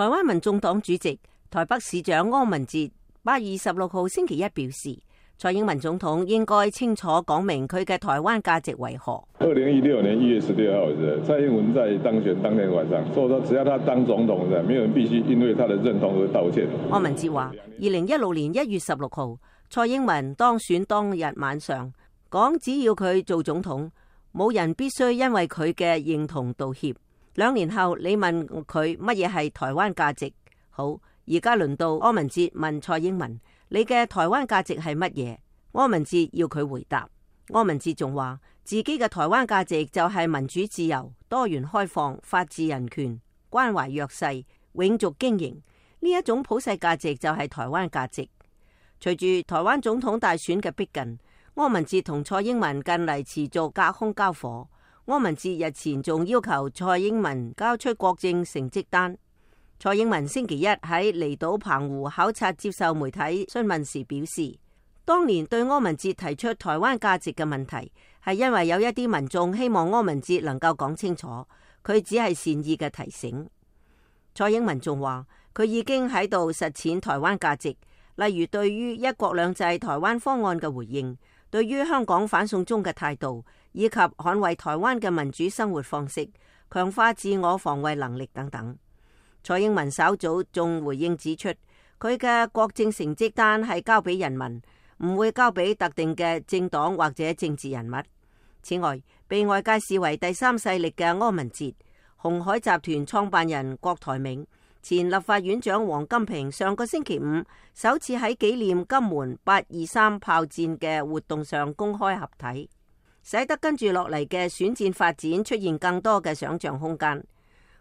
台灣民眾黨主席、台北市長柯文哲八月十六號星期一表示，蔡英文總統應該清楚講明佢嘅台灣價值為何。二零一六年一月十六號，蔡英文在當選當天晚上，所以說只要他當總統，嘅沒有人必須因為他的認同而道歉。柯文哲話：二零一六年一月十六號，蔡英文當選當日晚上，講只要佢做總統，冇人必須因為佢嘅認同道歉。兩年後，你問佢乜嘢係台灣價值？好，而家輪到柯文哲問蔡英文，你嘅台灣價值係乜嘢？柯文哲要佢回答。柯文哲仲話，自己嘅台灣價值就係民主自由、多元開放、法治人權、關懷弱勢、永續經營。呢一種普世價值就係台灣價值。隨住台灣總統大選嘅逼近，柯文哲同蔡英文近嚟持續隔空交火。柯文哲日前仲要求蔡英文交出國政成績單。蔡英文星期一喺離島澎湖考察接受媒體詢問時表示，當年對柯文哲提出台灣價值嘅問題，係因為有一啲民眾希望柯文哲能夠講清楚，佢只係善意嘅提醒。蔡英文仲話，佢已經喺度實踐台灣價值，例如對於一國兩制台灣方案嘅回應，對於香港反送中嘅態度。以及捍衛台灣嘅民主生活方式，強化自我防衛能力等等。蔡英文稍早仲回應指出，佢嘅國政成績單係交俾人民，唔會交俾特定嘅政黨或者政治人物。此外，被外界視為第三勢力嘅柯文哲、紅海集團創辦人郭台銘、前立法院長王金平，上個星期五首次喺紀念金門八二三炮戰嘅活動上公開合體。使得跟住落嚟嘅選戰發展出現更多嘅想象空間。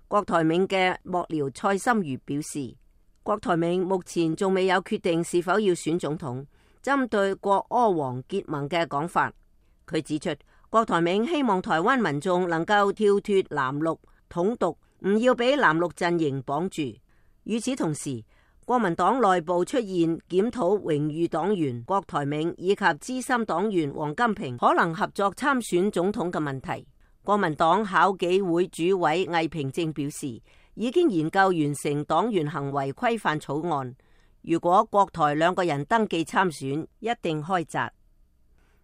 郭台銘嘅幕僚蔡心如表示，郭台銘目前仲未有決定是否要選總統。針對郭柯王結盟嘅講法，佢指出郭台銘希望台灣民眾能夠跳脫藍綠統獨，唔要俾藍綠陣營綁住。與此同時。國民黨內部出現檢討榮譽黨員郭台銘以及資深黨員王金平可能合作參選總統嘅問題。國民黨考紀會主委魏平正表示，已經研究完成黨員行為規範草案。如果郭台兩個人登記參選，一定開閘。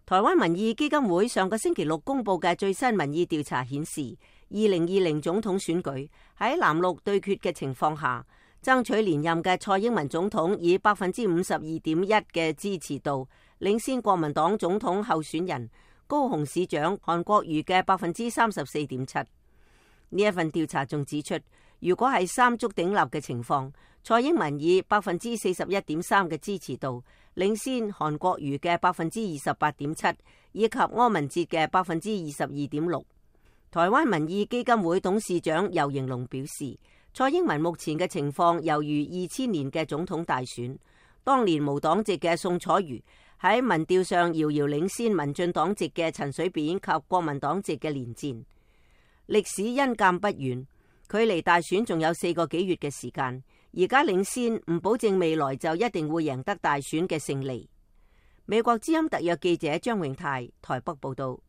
台灣民意基金會上個星期六公布嘅最新民意調查顯示，二零二零總統選舉喺藍綠對決嘅情況下。爭取連任嘅蔡英文總統以百分之五十二點一嘅支持度領先國民黨總統候選人高雄市長韓國瑜嘅百分之三十四點七。呢一份調查仲指出，如果係三足鼎立嘅情況，蔡英文以百分之四十一點三嘅支持度領先韓國瑜嘅百分之二十八點七，以及柯文哲嘅百分之二十二點六。台灣民意基金會董事長游盈隆表示，蔡英文目前嘅情況，猶如二千年嘅總統大選，當年無黨籍嘅宋楚瑜喺民調上遙遙領先民進黨籍嘅陳水扁及國民黨籍嘅連戰，歷史殷鑑不遠，距離大選仲有四個幾月嘅時間，而家領先唔保證未來就一定會贏得大選嘅勝利。美國之音特約記者張永泰台北報道。